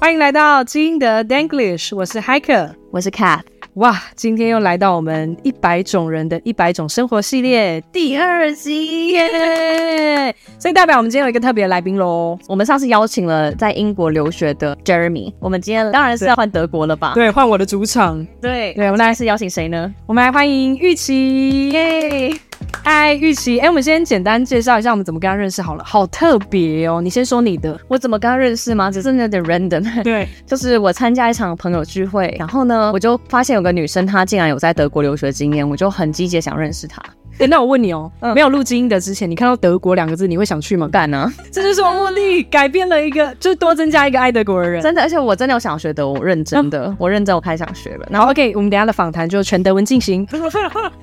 歡迎來到《跡英德 Danglish》我是 Heike，我是 Cat。哇，今天又來到我們一百種人的一百種生活系列第二集耶！Yeah! 所以代表我們今天有一個特別的來賓嘍。 我們上次邀請了在英國留學的 Jeremy， 我們今天當然是要換德國了吧？對，換我的主場。對， 對，我們當然是邀請誰呢？我們來歡迎郁祺耶！Yeah! 嗨，Hi, 郁祺，哎、欸，我們先簡單介紹一下我們怎麼跟他認識好了。好特別哦，你先說你的，我怎麼跟他認識嗎？只是真的有點 random。對， 就是我參加一場朋友聚會，然後呢，我就發現有個女生，她竟然有在德國留學的經驗，我就很積極地想認識她。欸、那我問你哦，嗯、沒有錄跡英德之前，你看到德國兩個字，你會想去嗎？幹啊！這就是我目的，改變了一個，就是多增加一個愛德國的人。真的，而且我真的有想學德文，我認真的，嗯、我認真，我開始想學了。好然後 OK，好我們等下的訪談就全德文進行。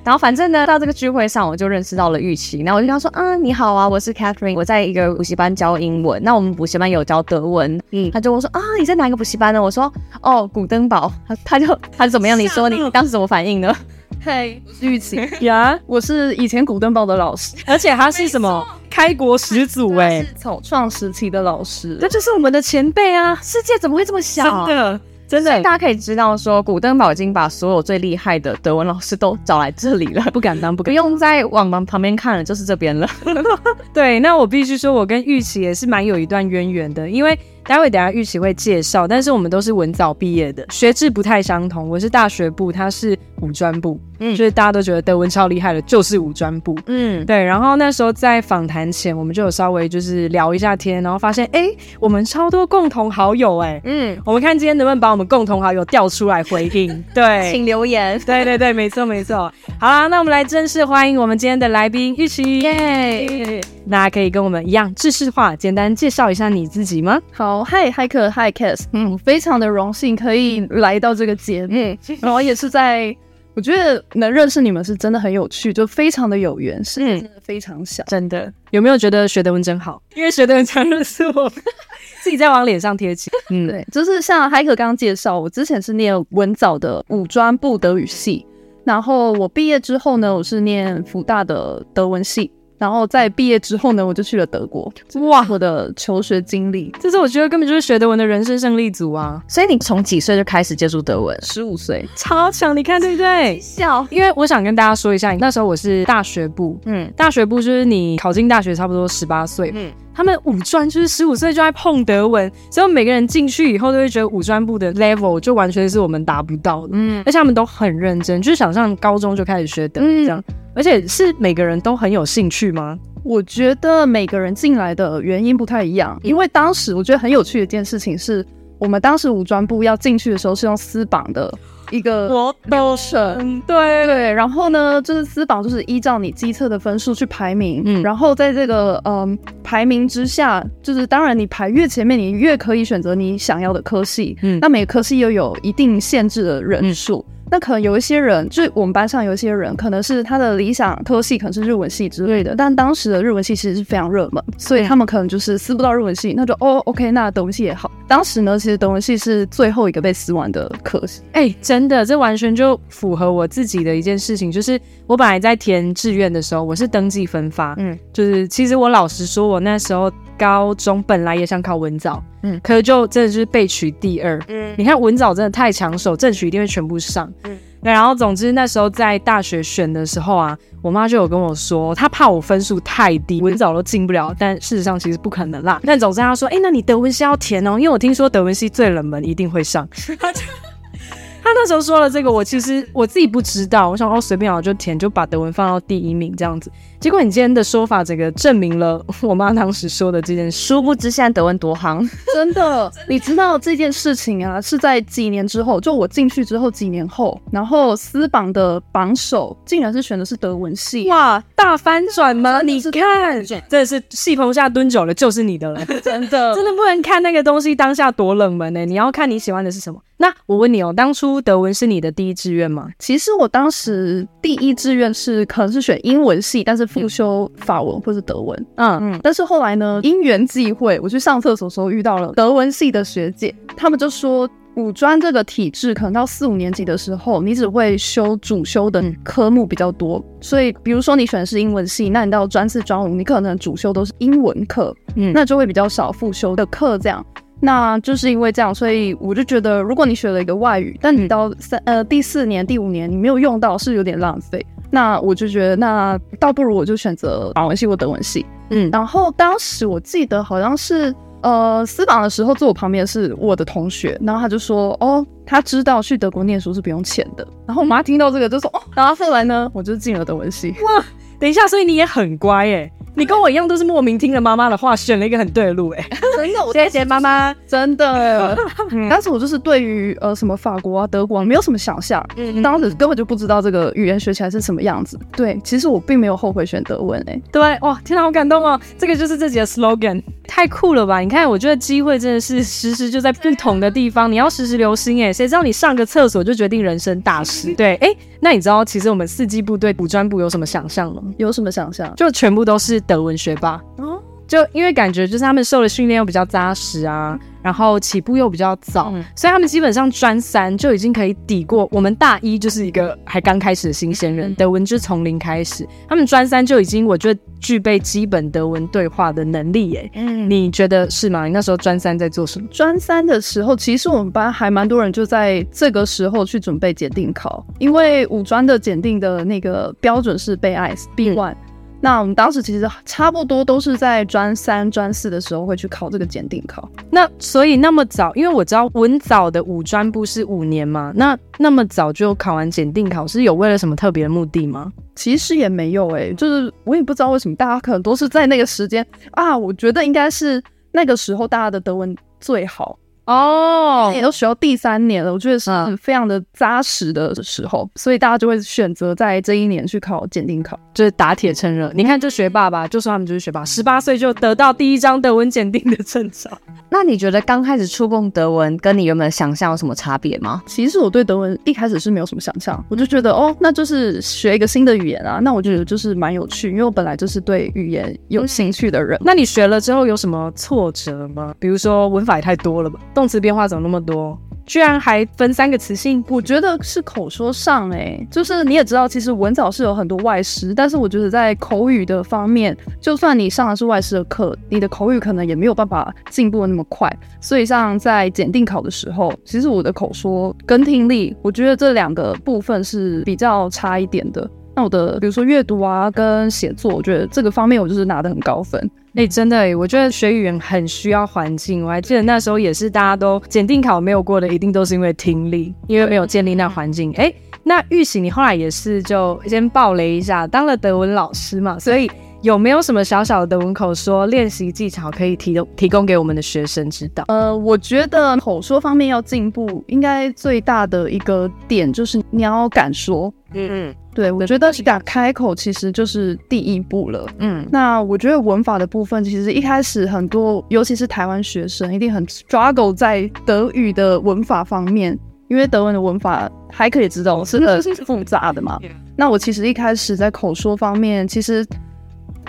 然後反正呢，到這個聚會上，我就認識到了郁祺。然後我就跟她說：“啊，你好啊，我是 Catherine，我在一個補習班教英文。那我們補習班有教德文，嗯。”他就問說：“啊，你在哪一個補習班呢？”我說：“哦，古登堡。他”他他就他怎麼樣？了你說你當時怎麼反應呢？嘿，hey, 玉琪呀，yeah, 我是以前古登堡的老師， 而且他是什麼錯開國始祖哎、欸，是草創時期的老師， 這就是我們的前輩啊！世界怎麼會這麼小、啊？真的，真的，大家可以知道說，古登堡已經把所有最厲害的德文老師都找來這裡了，不敢當，不敢當，不用再往旁邊看了，就是這邊了。 對，那我必須說，我跟玉琪也是蠻有一段淵源的，因為。待會等一下郁祺會介紹，但是我們都是文藻畢業的，學制不太相同。我是大學部，他是五專部，嗯，就是大家都覺得德文超厲害的就是五專部，嗯，對。然後那時候在訪談前，我們就有稍微就是聊一下天，然後發現，哎、欸，我們超多共同好友、欸，哎，嗯，我們看今天能不能把我們共同好友調出來回應， 對，請留言，對對對，沒錯沒錯。好啦，那我們來正式歡迎我們今天的來賓郁祺，耶。Yeah, yeah, yeah, yeah. 大家可以跟我們一樣制式化，簡單介紹一下你自己嗎？好嗨 i Hi, Heike，Hi Cass，嗯，非常的榮幸可以來到這個節目，嗯、然後也是在，我覺得能認識你們是真的很有趣，就非常的有緣，是，真的非常想、嗯，真的。有沒有覺得學德文真好？ 因為學德文常認識我， 自己在往臉上貼金。 嗯，對，就是像 Heike 剛剛介紹，我之前是念文藻的五專部德語系，然後我畢業之後呢，我是念福大的德文系。然後在畢業之後呢，我就去了德國。是哇，我的求學經歷，這是我覺得根本就是學德文的人生勝利組啊！所以你從幾歲就開始接觸德文？十五歲，超強！你看對不對？笑。因為我想跟大家說一下，那時候我是大學部，嗯，大學部就是你考進大學，差不多十八歲，嗯。他們五專就是十五歲就在碰德文，所以每個人進去以後都會覺得五專部的 level 就完全是我們達不到的，嗯，而且他們都很認真，就是想上高中就開始學德文這樣，嗯、而且是每個人都很有興趣嗎？我覺得每個人進來的原因不太一樣，因為當時我覺得很有趣的一件事情是，我們當時五專部要進去的時候是用撕榜的。一個流程，對對，然後呢，就是撕榜就是依照你機測的分數去排名，嗯、然後在這個嗯排名之下，就是當然你排越前面，你越可以選擇你想要的科系，嗯、那每個科系又有一定限制的人數。嗯那可能有一些人，就我們班上有一些人，可能是他的理想科系可能是日文系之類的，對的，但當時的日文系其實是非常熱門，所以他們可能就是撕不到日文系，那就哦，OK，那德文系也好。當時呢，其實德文系是最後一個被撕完的科系。哎、欸，真的，這完全就符合我自己的一件事情，就是我本來在填志願的時候，我是登記分發，嗯，就是其實我老實說，我那時候。高中本來也想考文藻，嗯，可是就真的就是備取第二，嗯，你看文藻真的太搶手，正取一定會全部上，嗯，那然後總之那時候在大學選的時候啊，我媽就有跟我說，她怕我分數太低，文藻都進不了，但事實上其實不可能啦。但總之她說，哎、欸，那你德文系要填哦，因為我聽說德文系最冷門，一定會上。 她就她那時候說了這個，我其實我自己不知道，我想哦隨便，我就填，就把德文放到第一名這樣子。結果你今天的說法，整個證明了我媽當時說的這件事。殊不知現在德文多夯， 真的， 真的你知道這件事情啊？是在幾年之後，就我進去之後幾年後，然後撕榜的榜首竟然是選的是德文系，哇，大翻轉嗎？是你看，真的是戲棚下蹲久了就是你的了， 真的，真的不能看那個東西當下多冷門呢，欸。你要看你喜歡的是什麼。那我問你哦、喔，當初德文是你的第一志願嗎？ 其實我當時第一志願是可能是選英文系，但是。复修法文或是德文，嗯，嗯但是後來呢，因緣際會，我去上廁所的時候遇到了德文系的學姐，他們就說，五專這個體制，可能到四五年級的時候，你只會修主修的科目比較多，嗯、所以比如說你選的是英文系，那你到專四專五，你可能主修都是英文課，嗯，那就會比較少复修的課，這樣，那就是因為這樣，所以我就覺得，如果你學了一個外語，但你到三、嗯、呃第四年第五年你沒有用到，是有點浪費。那我就覺得，那倒不如我就選擇法文系或德文系。嗯，然後當時我記得好像是，呃，撕榜的時候坐我旁邊是我的同學，然後他就說，哦，他知道去德國念書是不用錢的。然後我媽聽到這個就說，哦。然後後來呢，我就進了德文系。哇，等一下，所以你也很乖哎。你跟我一樣都是莫名聽了媽媽的話，選了一個很對的路欸， 真的，欸，謝謝媽媽，真的。當時我就是對於呃什麼法國啊、德國啊沒有什麼想象，嗯，當時根本就不知道這個語言學起來是什麼樣子。對，其實我並沒有後悔選德文欸，對，哇，天哪，好感動哦，這個就是自己的 slogan，太酷了吧？你看，我覺得機會真的是時時就在不同的地方，你要時時留心欸，誰知道你上個廁所就決定人生大事？對，欸。那你知道，其實我們四季部隊五專部有什麼想象嗎？有什麼想象？就全部都是德文學霸哦，就因為感覺就是他們受的訓練又比較扎實啊。然後起步又比較早，所以他們基本上專三就已經可以抵過我們大一，就是一個還剛開始的新鮮人、嗯、德文就從零開始。他們專三就已經，我覺得具備基本德文對話的能力耶。嗯，你覺得是嗎？你那時候專三在做什麼？專三的時候，其實我們班還蠻多人就在這個時候去準備檢定考，因為五專的檢定的那個標準是 B1。那我們當時其實差不多都是在專三、專四的時候會去考這個檢定考。那所以那麼早，因為我知道文藻的五專部是五年嘛，那那麼早就考完檢定考，是有為了什麼特別的目的嗎？其實也沒有誒、欸，就是我也不知道為什麼大家可能都是在那個時間啊，我覺得應該是那個時候大家的德文最好。哦，你也、oh, 欸、都學到第三年了，我覺得是非常的扎實的時候，嗯、所以大家就會選擇在這一年去考鑑定考，就是打鐵趁熱。嗯、你看這學霸吧，就說他們就是學霸，十八歲就得到第一張德文鑑定的證照。那你覺得剛開始觸碰德文跟你原本的想象有什麼差別嗎？其實我對德文一開始是沒有什麼想象，我就覺得哦，那就是學一個新的語言啊，那我覺得就是蠻有趣，因為我本來就是對語言有興趣的人。那你學了之後有什麼挫折嗎？比如說文法也太多了吧？動詞變化怎麼那麼多？居然還分三個詞性？我覺得是口說上誒、欸，就是你也知道，其實文藻是有很多外師，但是我覺得在口語的方面，就算你上的是外師的課，你的口語可能也沒有辦法進步得那麼快。所以像在檢定考的時候，其實我的口說跟聽力，我覺得這兩個部分是比較差一點的。那我的，比如說閱讀啊跟寫作，我覺得這個方面我就是拿得很高分。哎、欸，真的，欸，我覺得學語言很需要環境。我還記得那時候也是，大家都檢定考沒有過的，一定都是因為聽力，因為沒有建立那環境。哎、欸，那郁祺，你後來也是，就先爆雷一下，當了德文老師嘛，所以有沒有什麼小小的德文口說練習技巧可以提供提供給我們的學生指導？呃，我覺得口說方面要進步，應該最大的一個點就是你要敢說。嗯嗯。對，我覺得打開口其實就是第一步了。嗯，那我覺得文法的部分，其實一開始很多，尤其是台灣學生，一定很 struggle 在德語的文法方面，因為德文的文法還可以知道是，是、哦、複雜的嘛。 那我其實一開始在口說方面，其實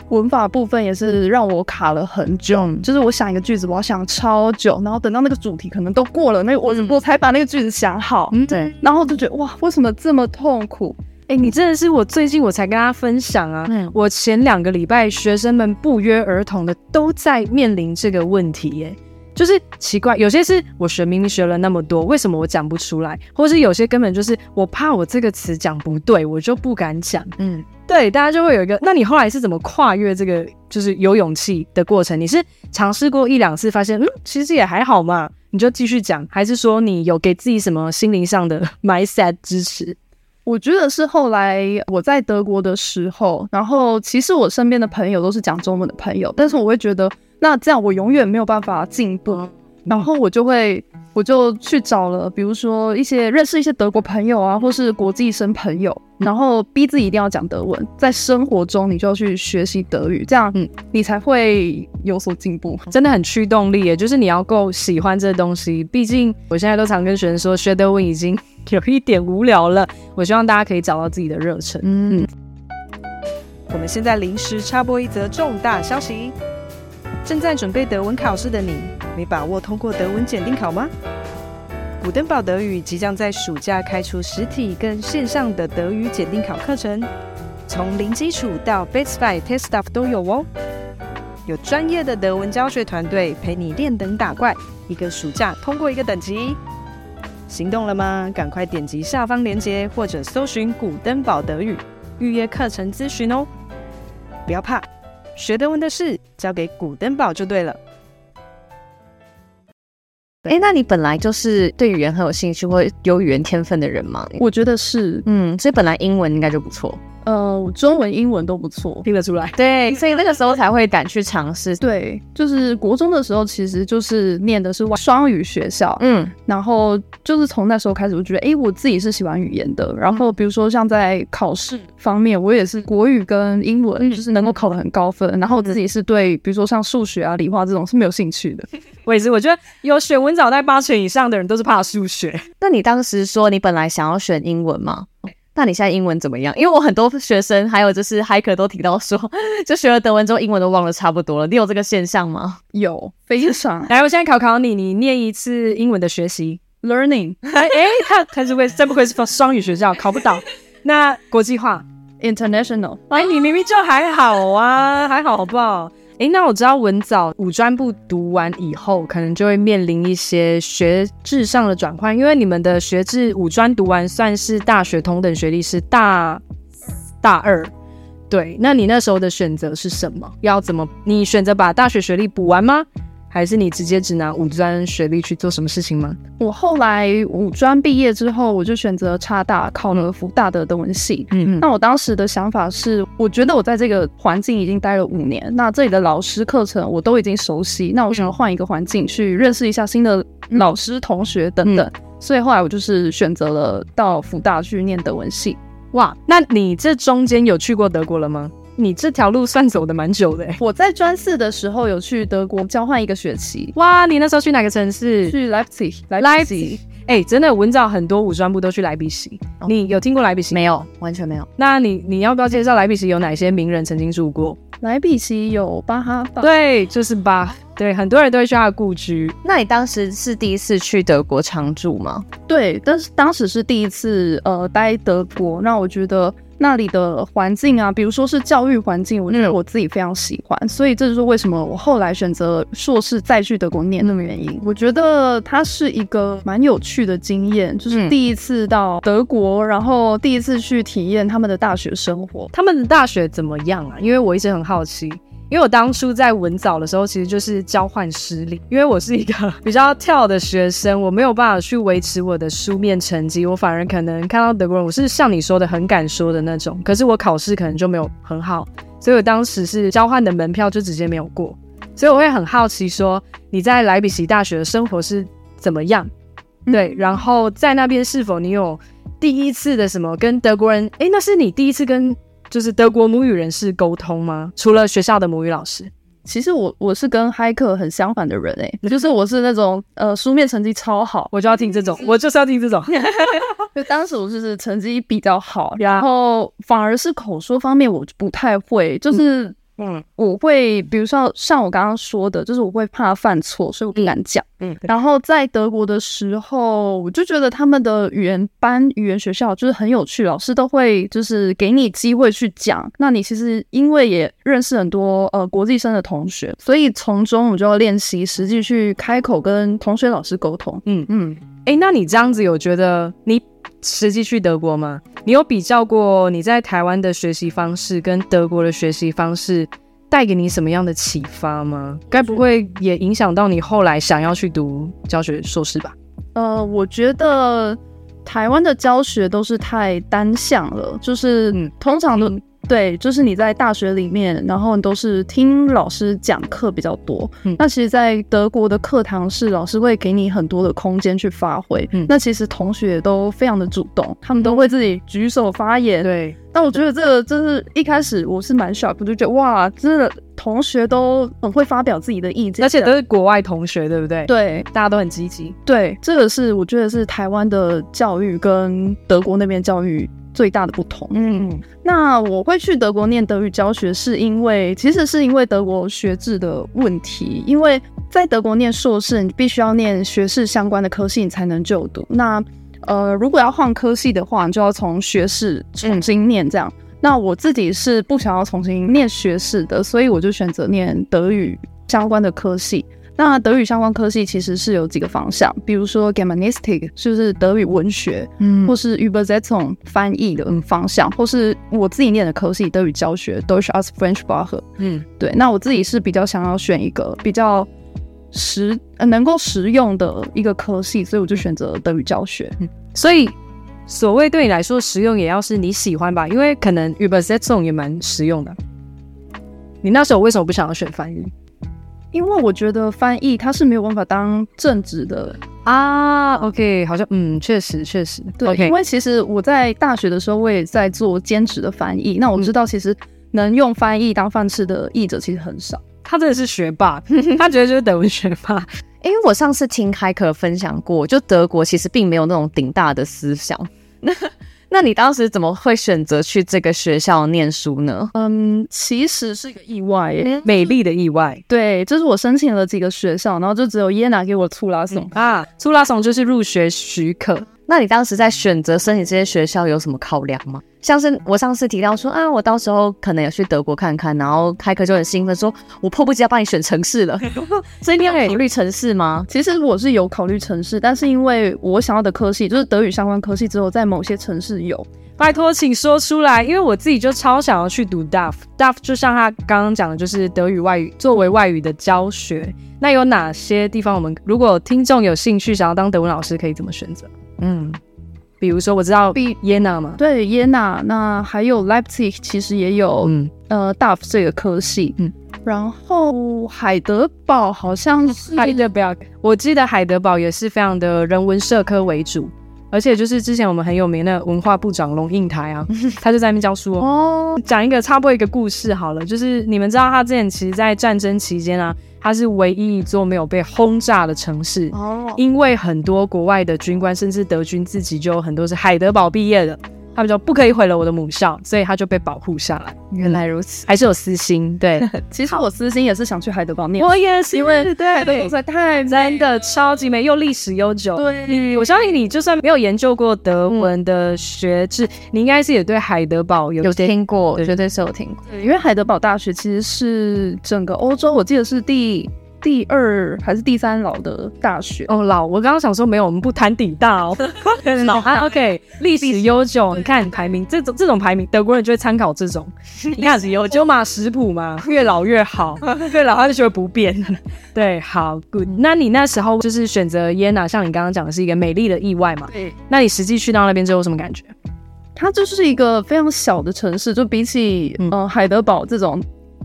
文法部分也是讓我卡了很久，嗯、就是我想一個句子，我要想超久，然後等到那個主題可能都過了，那我、個、我才把那個句子想好。嗯，對。嗯、然後就覺得哇，為什麼這麼痛苦？誒、欸，你真的是我最近我才跟他分享啊！嗯、我前兩個禮拜，學生們不約而同的都在面臨這個問題、欸，哎，就是奇怪，有些是我學明明學了那麼多，為什麼我講不出來？或是有些根本就是我怕我這個詞講不對，我就不敢講。嗯，對，大家就會有一個，那你後來是怎麼跨越這個就是有勇氣的過程？你是嘗試過一兩次，發現嗯，其實也還好嘛，你就繼續講？還是說你有給自己什麼心靈上的 mindset 支持？我覺得是後來我在德國的時候，然後其實我身邊的朋友都是講中文的朋友，但是我會覺得那這樣我永遠沒有辦法進步，然後我就會我就去找了，比如說一些認識一些德國朋友啊，或是國際生朋友，然後逼自己一定要講德文，在生活中你就要去學習德語，這樣你才會有所進步，真的很驅動力也、欸、就是你要夠喜歡這東西，畢竟我現在都常跟學生說，學德文已經。有一點無聊了，我希望大家可以找到自己的熱忱。嗯， 我們現在臨時插播一則重大消息：正在準備德文考試的你，沒把握通過德文檢定考嗎？古登堡德語即將在暑假開出實體跟線上的德語檢定考課程，從零基礎到 B1、B2、TestDaF 都有哦。有專業的德文教學團隊陪你練等打怪，一個暑假通過一個等級。行動了嗎？趕快點擊下方鏈接，或者搜尋“谷燈堡德語”預約課程諮詢哦！不要怕，學德文的事交給谷燈堡就對了。哎、欸，那你本來就是對語言很有興趣或有語言天分的人嗎？我覺得是，嗯，所以本來英文應該就不錯。嗯、呃，中文、英文都不錯，聽得出來。對，所以那個時候才會敢去嘗試。 對，就是國中的時候，其實就是念的是雙語學校。嗯，然後就是從那時候開始，我覺得，哎、欸，我自己是喜歡語言的。然後，比如說像在考試方面，我也是國語跟英文，就是能夠考得很高分。嗯、然後我自己是對，比如說像數學啊、理化這種是沒有興趣的。 我也是，我覺得有選文藻在八成以上的人都是怕數學。那你當時說你本來想要選英文嗎？那你現在英文怎麼樣？因為我很多學生，還有就是 Heike 都提到說，就學了德文之後，英文都忘了差不多了。你有這個現象嗎？有，非常爽。 來，我現在考考你，你念一次英文的學習，learning 哎。哎，他真是為真不愧是雙語學校，考不倒。那國際化，international。哎，你明明就還好啊，還好，好不好？哎，那我知道文藻五專部讀完以後，可能就會面臨一些學制上的轉換，因為你們的學制五專讀完算是大學同等學歷，是大，大二，對。那你那時候的選擇是什麼？要怎麼？你選擇把大學學歷補完嗎？還是你直接只拿五專學歷去做什麼事情嗎？我後來五專畢業之後，我就選擇插大，考了輔大的德、德文系。嗯，那我當時的想法是，我覺得我在這個環境已經待了五年，那這裡的老師、課程我都已經熟悉，那我想要換一個環境去認識一下新的老師、同學等等。嗯嗯、所以後來我就是選擇了到輔大去念德文系。哇，那你這中間有去過德國了嗎？你這條路算走得蠻久的、欸。我在專四的時候有去德國交換一個學期。哇，你那時候去哪個城市？去萊、欸、比錫。萊萊比。哎，真的，我知道很多五專部都去萊比錫。你有聽過萊比錫？沒有，完全沒有。那你你要不要介紹萊比錫有哪些名人曾經住過？萊比錫有巴哈巴。對，就是巴。對，很多人都會去他的故居。那你當時是第一次去德國常住嗎？對，但是當時是第一次呃待德國。那我覺得。那裡的環境啊，比如說是教育環境，我覺得我自己非常喜歡，嗯、所以這就是為什麼我後來選擇碩士再去德國念的原因。嗯、我覺得它是一個蠻有趣的經驗，就是第一次到德國，嗯、然後第一次去體驗他們的大學生活。他們的大學怎麼樣啊？因為我一直很好奇。因為我當初在文藻的時候，其實就是交換失利。因為我是一個比較跳的學生，我沒有辦法去維持我的書面成績，我反而可能看到德國人，我是像你說的很敢說的那種，可是我考試可能就沒有很好，所以我當時是交換的門票就直接沒有過，所以我會很好奇說你在萊比錫大學的生活是怎麼樣，嗯、對，然後在那邊是否你有第一次的什麼跟德國人，誒，那是你第一次跟。就是德國母語人士溝通嗎？除了學校的母語老師，其實我我是跟 Heike 很相反的人哎、欸， 就是我是那種呃書面成績超好，我就要聽這種，是我就是要聽這種。 就當時我就是成績比較好， 然後反而是口說方面我不太會，就是、嗯。嗯，我會比如說像我剛剛說的，就是我會怕犯錯，所以我不敢講。嗯，嗯，然後在德國的時候，我就覺得他們的語言班、語言學校就是很有趣，老師都會就是給你機會去講。那你其實因為也認識很多呃國際生的同學，所以從中我就要練習實際去開口跟同學、老師溝通。嗯嗯。嗯哎、欸，那你這樣子有覺得你實際去德國嗎？你有比較過你在台灣的學習方式跟德國的學習方式帶給你什麼樣的啟發嗎？該不會也影響到你後來想要去讀教學碩士吧？呃，我覺得台灣的教學都是太單向了，就是通常都、嗯。嗯對，就是你在大學裡面，然後你都是聽老師講課比較多。嗯，那其實，在德國的課堂是老師會給你很多的空間去發揮。嗯，那其實同學都非常的主動，他們都會自己舉手發言。對、嗯，但我覺得這個真、就是一開始我是蠻 shock，就覺得哇，真的同學都很會發表自己的意見，而且都是國外同學，對不對？對，大家都很積極。對，這個是我覺得是台灣的教育跟德國那邊教育，最大的不同，嗯，那我會去德國念德語教學，是因為其實是因為德國學制的問題，因為在德國念碩士，你必須要念學士相關的科系你才能就讀。那呃，如果要換科系的話，你就要從學士重新念這樣。嗯，那我自己是不想要重新念學士的，所以我就選擇念德語相關的科系。那德語相關科系其實是有幾個方向，比如說 Germanistik 是就是德語文學，嗯，或是 Übersetzung 翻譯的方向，嗯，或是我自己念的科系德語教學 Deutsch als Fremdsprache，嗯，對。那我自己是比較想要選一個比較實、呃，能夠實用的一個科系，所以我就選擇德語教學。嗯，所以，所謂對你來說實用，也要是你喜歡吧？因為可能 Übersetzung 也蠻實用的。你那時候為什麼不想要選翻譯？因為我覺得翻譯他是沒有辦法當正職的啊。OK，好像嗯，確實確實對。okay. 因為其實我在大學的時候，我也在做兼職的翻譯。那我知道其實能用翻譯當飯吃的譯者其實很少。他真的是學霸，他覺得就是等於學霸。 因為我上次聽 h 可分享過，就德國其實並沒有那種頂大的思想。 那你當時怎麼會選擇去這個學校念書呢？嗯，其實是個意外耶，美麗的意外。是對，就是我申請了幾個學校，然後就只有耶拿給我促拉松、嗯、啊，促拉松就是入學許可。那你當時在選擇申請這些學校有什麼考量嗎？像是我上次提到說啊，我到時候可能要去德國看看，然後開課就很興奮，說我迫不及待幫你選城市了。 所以你要考慮城市嗎？其實我是有考慮城市，但是因為我想要的科系就是德語相關科系，只有在某些城市有。拜託，請說出來，因為我自己就超想要去讀 DaF。DaF 就像他剛剛講的，就是德語外語作為外語的教學。那有哪些地方我們如果聽眾有興趣想要當德文老師，可以怎麼選擇？嗯，比如說我知道維 n a 嘛，對，維也那還有 Leptic，其實也有，嗯，呃，Daf 這個科系，嗯，然後海德堡好像是海德堡， 我記得海德堡也是非常的人文社科為主。而且就是之前我們很有名的文化部長龍應台啊，他就在那邊教書哦。講一個差不多一個故事好了，就是你們知道他之前其實在戰爭期間啊，他是唯一一座沒有被轟炸的城市哦，因為很多國外的軍官甚至德軍自己就有很多是海德堡畢業的。他們就不可以毀了我的母校，所以他就被保護下來。原來如此，還是有私心。對，其實我私心也是想去海德堡念，我也是因為。對，對，海德堡真的超級美，又歷史悠久。對，我相信你就算沒有研究過德文的學制，你應該是也對海德堡有聽過，絕對是有聽過。因為海德堡大學其實是整個歐洲，我記得是第。第二還是第三老的大學哦，oh, 老我剛剛想說沒有，我們不談頂大哦。 老安大、 啊、，OK，歷史悠久，史你看排名對這種這種排名，德國人就會參考這種歷史悠久嘛，食譜嘛， 越老越好，越老他就學不變。 對，好，good。嗯、那你那時候就是選擇耶拿，像你剛剛講的是一個美麗的意外嘛？對，那你實際去到那邊之後有什麼感覺？對它就是一個非常小的城市，就比起嗯、呃、海德堡這種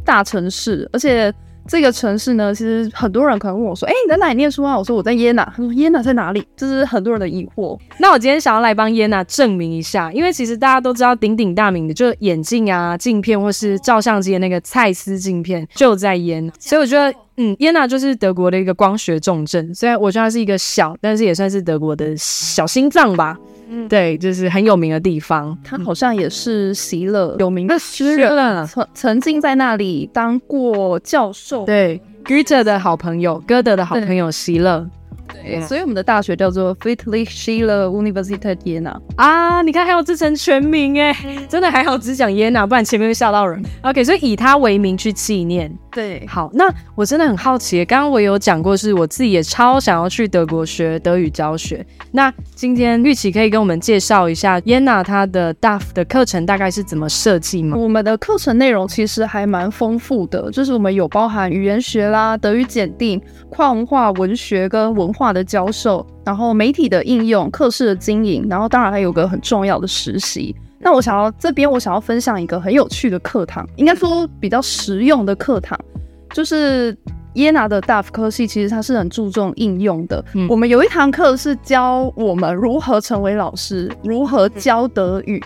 大城市，而且。這個城市呢，其實很多人可能問我說：“哎，你在哪裡念書啊？”我說：“我在耶拿。”他說：“耶拿在哪裡？”這是很多人的疑惑。那我今天想要來幫耶拿證明一下，因為其實大家都知道鼎鼎大名的，就是眼鏡啊、鏡片或是照相機的那個蔡司鏡片就在耶拿，所以我覺得，嗯，耶拿就是德國的一個光學重鎮。雖然我覺得它是一個小，但是也算是德國的小心臟吧。 對，就是很有名的地方。他好像也是席勒、嗯、席勒有名的，席勒曾勒曾、曾經在那裡當過教授。對，歌德的好朋友，歌德的好朋友席勒。對，所以我們的大學叫做 Friedrich Schiller Universität 耶拿啊，你看還有這層全名誒、欸，真的還好只講耶拿，不然前面會嚇到人。OK，所以以他為名去紀念。對，好，那我真的很好奇，剛剛我有講過，是我自己也超想要去德國學德語教學。那今天郁祺可以跟我們介紹一下 Jena 她的 DAF 的課程大概是怎麼設計嗎？我們的課程內容其實還蠻豐富的，就是我們有包含語言學啦、德語檢定、跨文化文學跟文化的教授，然後媒體的應用、課室的經營，然後當然還有個很重要的實習。那我想要這邊，我想要分享一個很有趣的課堂，應該說比較實用的課堂，就是耶拿的 DaF 科系，其實它是很注重應用的。嗯、我們有一堂課是教我們如何成為老師，如何教德語。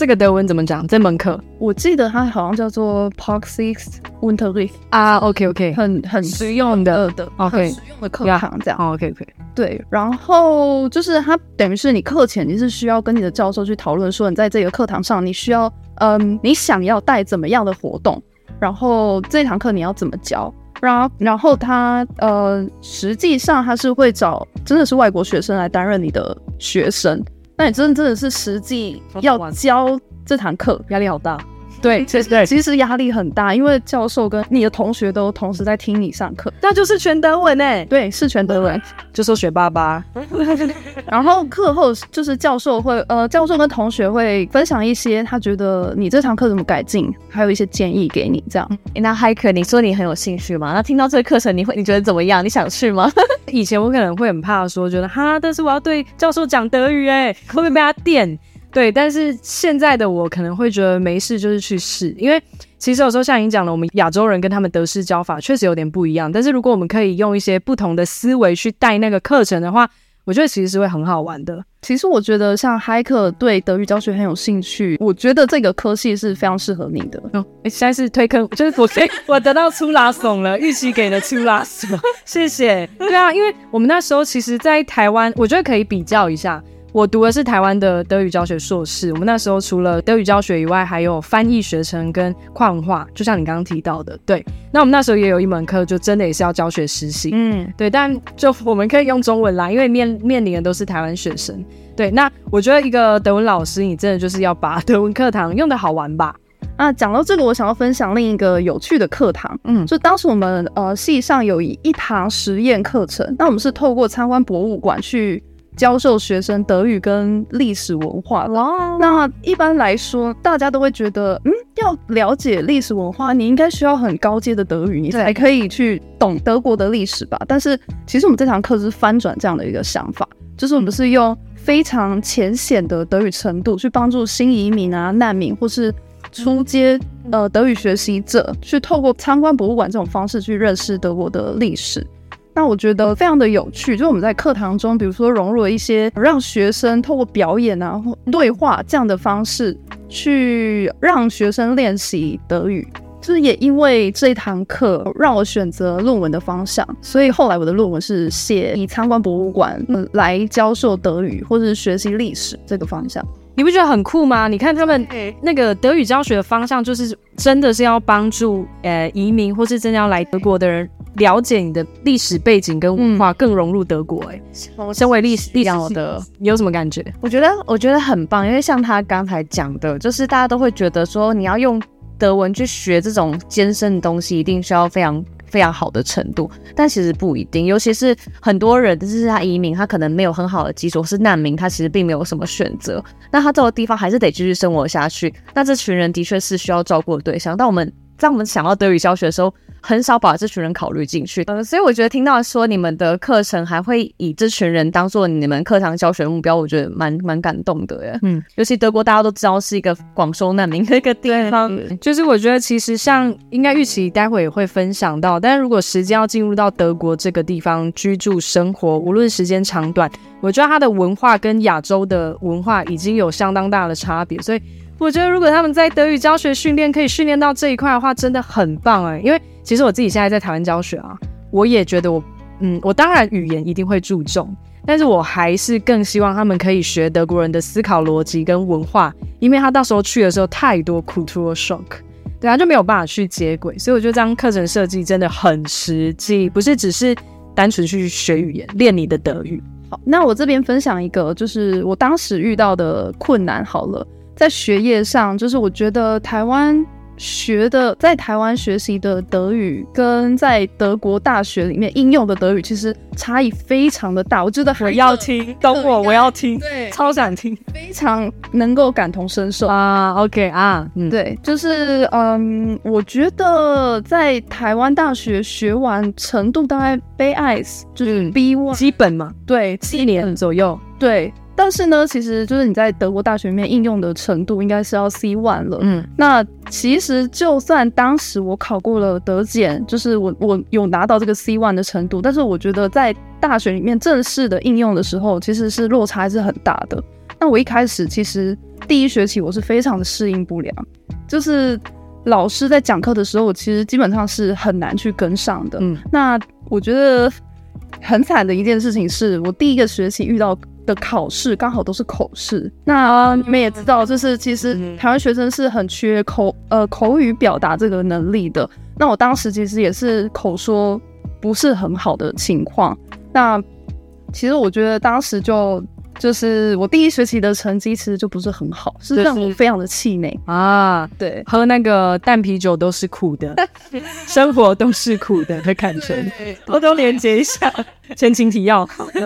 這個德文怎麼講？這門課我記得它好像叫做 Park Six Winter Reef 啊。OK OK，很很實用的 Okay. 的，很實用的課堂，這樣、yeah. OK OK。對，然後就是它等於是你課前你是需要跟你的教授去討論，說你在這個課堂上你需要，嗯，你想要帶怎麼樣的活動，然後這堂課你要怎麼教，然後然後他呃、嗯，實際上他是會找真的是外國學生來擔任你的學生。那你真的真的是實際要教這堂課，壓力好大。對，對，對，其實壓力很大，因為教授跟你的同學都同時在聽你上課，那就是全德文哎、欸。對，是全德文， 就是學霸吧。 然後課後就是教授會，呃，教授跟同學會分享一些他覺得你這堂課怎麼改進，還有一些建議給你這樣。欸、那 Heike，你說你很有興趣嗎？那聽到這個課程，你會你覺得怎麼樣？你想去嗎？ 以前我可能會很怕說，說覺得哈，但是我要對教授講德語哎、欸，會不會被他電？對，但是現在的我可能會覺得沒事，就是去試，因為其實有時候像你講的，我們亞洲人跟他們德式教法確實有點不一樣。但是如果我們可以用一些不同的思維去帶那個課程的話，我覺得其實是會很好玩的。其實我覺得像 Heike 對德語教學很有興趣，我覺得這個科系是非常適合你的。哎、嗯，現在是推坑，就是我 Okay. 我得到粗拉松了，郁祺給了粗拉松。謝謝。 對啊，因為我們那時候其實在台灣，我覺得可以比較一下。我讀的是台灣的德語教學碩士，我們那時候除了德語教學以外，還有翻譯學程跟跨文化，就像你剛剛提到的，對。那我們那時候也有一門課，就真的也是要教學實習，嗯，對。但就我們可以用中文來，因為面面臨的都是台灣學生，對。那我覺得一個德文老師，你真的就是要把德文課堂用得好玩吧。啊，講到這個，我想要分享另一個有趣的課堂，嗯，就當時我們呃系上有一堂實驗課程，那我們是透過參觀博物館去。教授學生德語跟歷史文化。哇，那一般來說，大家都會覺得，嗯，要了解歷史文化，你應該需要很高階的德語，你才可以去懂德國的歷史吧？但是，其實我們這堂課是翻轉這樣的一個想法，就是我們是用非常淺顯的德語程度去幫助新移民啊、難民或是初階呃德語學習者，去透過參觀博物館這種方式去認識德國的歷史。那我覺得非常的有趣，就是我們在課堂中，比如說融入了一些讓學生透過表演啊、對話這樣的方式，去讓學生練習德語。就是也因為這一堂課讓我選擇論文的方向，所以後來我的論文是寫以參觀博物館來教授德語或是學習歷史這個方向。你不覺得很酷嗎？你看他們那個德語教學的方向，就是真的是要幫助呃移民，或是真的要來德國的人，了解你的歷史背景跟文化，更融入德國。欸。誒、嗯，身為歷史歷史的，你史史有什麼感覺？我覺得我覺得很棒，因為像他剛才講的，就是大家都會覺得說，你要用德文去學這種艱深的東西，一定需要非常。非常好的程度，但其實不一定。尤其是很多人，就是他移民，他可能沒有很好的基礎，是難民，他其實並沒有什麼選擇。那他這個地方還是得繼續生活下去。那這群人的確是需要照顧的對象。但我們。在我們想要德語教學的時候，很少把這群人考慮進去。嗯，所以我覺得聽到說你們的課程還會以這群人當做你們課堂教學目標，我覺得蠻蠻感動的耶。嗯，尤其德國大家都知道是一個廣收難民的一個地方，對就是我覺得其實像應該郁祺待會也會分享到，但是如果時間要進入到德國這個地方居住生活，無論時間長短，我覺得它的文化跟亞洲的文化已經有相當大的差別，所以。我覺得如果他們在德語教學訓練可以訓練到這一塊的話，真的很棒哎、欸！因為其實我自己現在在台灣教學啊，我也覺得我，嗯，我當然語言一定會注重，但是我還是更希望他們可以學德國人的思考邏輯跟文化，因為他到時候去的時候太多 cultural shock，對，他就沒有辦法去接軌。所以我覺得這樣課程設計真的很實際，不是只是單純去學語言，練你的德語。好，那我這邊分享一個，就是我當時遇到的困難。好了。在學業上，就是我覺得台灣學的，在台灣學習的德語，跟在德國大學裡面應用的德語，其實差異非常的大。我覺得，還得我要聽，等我，我要聽，對，超想聽，非常能夠感同身受啊。Uh, OK 啊、uh, 對，嗯，對，就是嗯，um, 我覺得在台灣大學學完程度大概 B1，就是 B1、嗯、基本嘛，對，七年左右，對。但是呢，其實就是你在德國大學裡面應用的程度應該是要 C one 了。嗯，那其實就算當時我考過了德檢，就是我我有拿到這個 C one 的程度，但是我覺得在大學裡面正式的應用的時候，其實是落差還是很大的。那我一開始其實第一學期我是非常的適應不了，就是老師在講課的時候，我其實基本上是很難去跟上的。嗯，那我覺得很慘的一件事情是我第一個學期遇到的考試剛好都是口試，那你們也知道，就是其實台灣學生是很缺口呃口語表達這個能力的。那我當時其實也是口說不是很好的情況，那其實我覺得當時就就是我第一學期的成績其實就不是很好，就是讓我非常的氣餒啊。對，喝那個淡啤酒都是苦的， 生活都是苦的，的感覺偷偷連接一下，前 情提要好。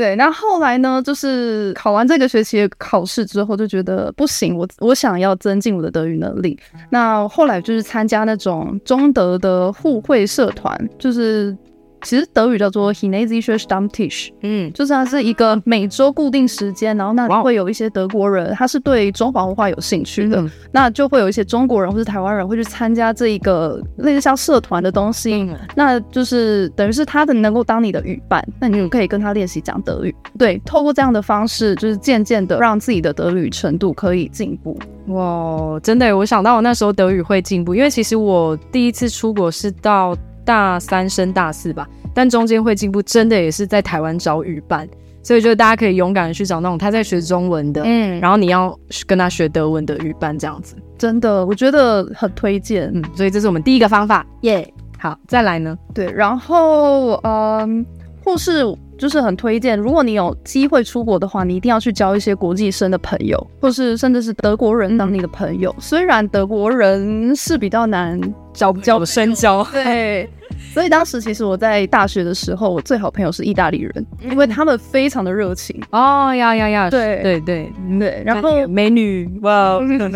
對，那後來呢？就是考完這個學期考試之後，就覺得不行，我我想要增進我的德語能力。那後來就是參加那種中德的互惠社團，就是。其實德語叫做 Chinesisch Stammtisch 嗯，就是它、啊、是一個每周固定時間，然後那會有一些德國人，哇他是對中華文化有興趣的，嗯、那就會有一些中國人或是台灣人會去參加這一個類似像社團的東西，嗯、那就是等於是他的能夠當你的語伴，那你就可以跟他練習講德語，對，透過這樣的方式，就是漸漸的讓自己的德語程度可以進步。哇，真的，我想到我那時候德語會進步，因為其實我第一次出國是到。大三升大四吧，但中間會進步，真的也是在台灣找語伴，所以就大家可以勇敢的去找那種他在學中文的，嗯，然後你要跟他學德文的語伴這樣子，真的我覺得很推薦，嗯，所以這是我們第一個方法耶。Yeah 好，再來呢？對，然後嗯，或是就是很推薦，如果你有機會出國的話，你一定要去交一些國際生的朋友，或是甚至是德國人當你的朋友，嗯、雖然德國人是比較難。交不交不深交？ 對，所以當時其實我在大學的時候，我最好朋友是意大利人，因為他們非常的熱情。哦呀呀呀！對對對對。對，然後美女，哇！Wow，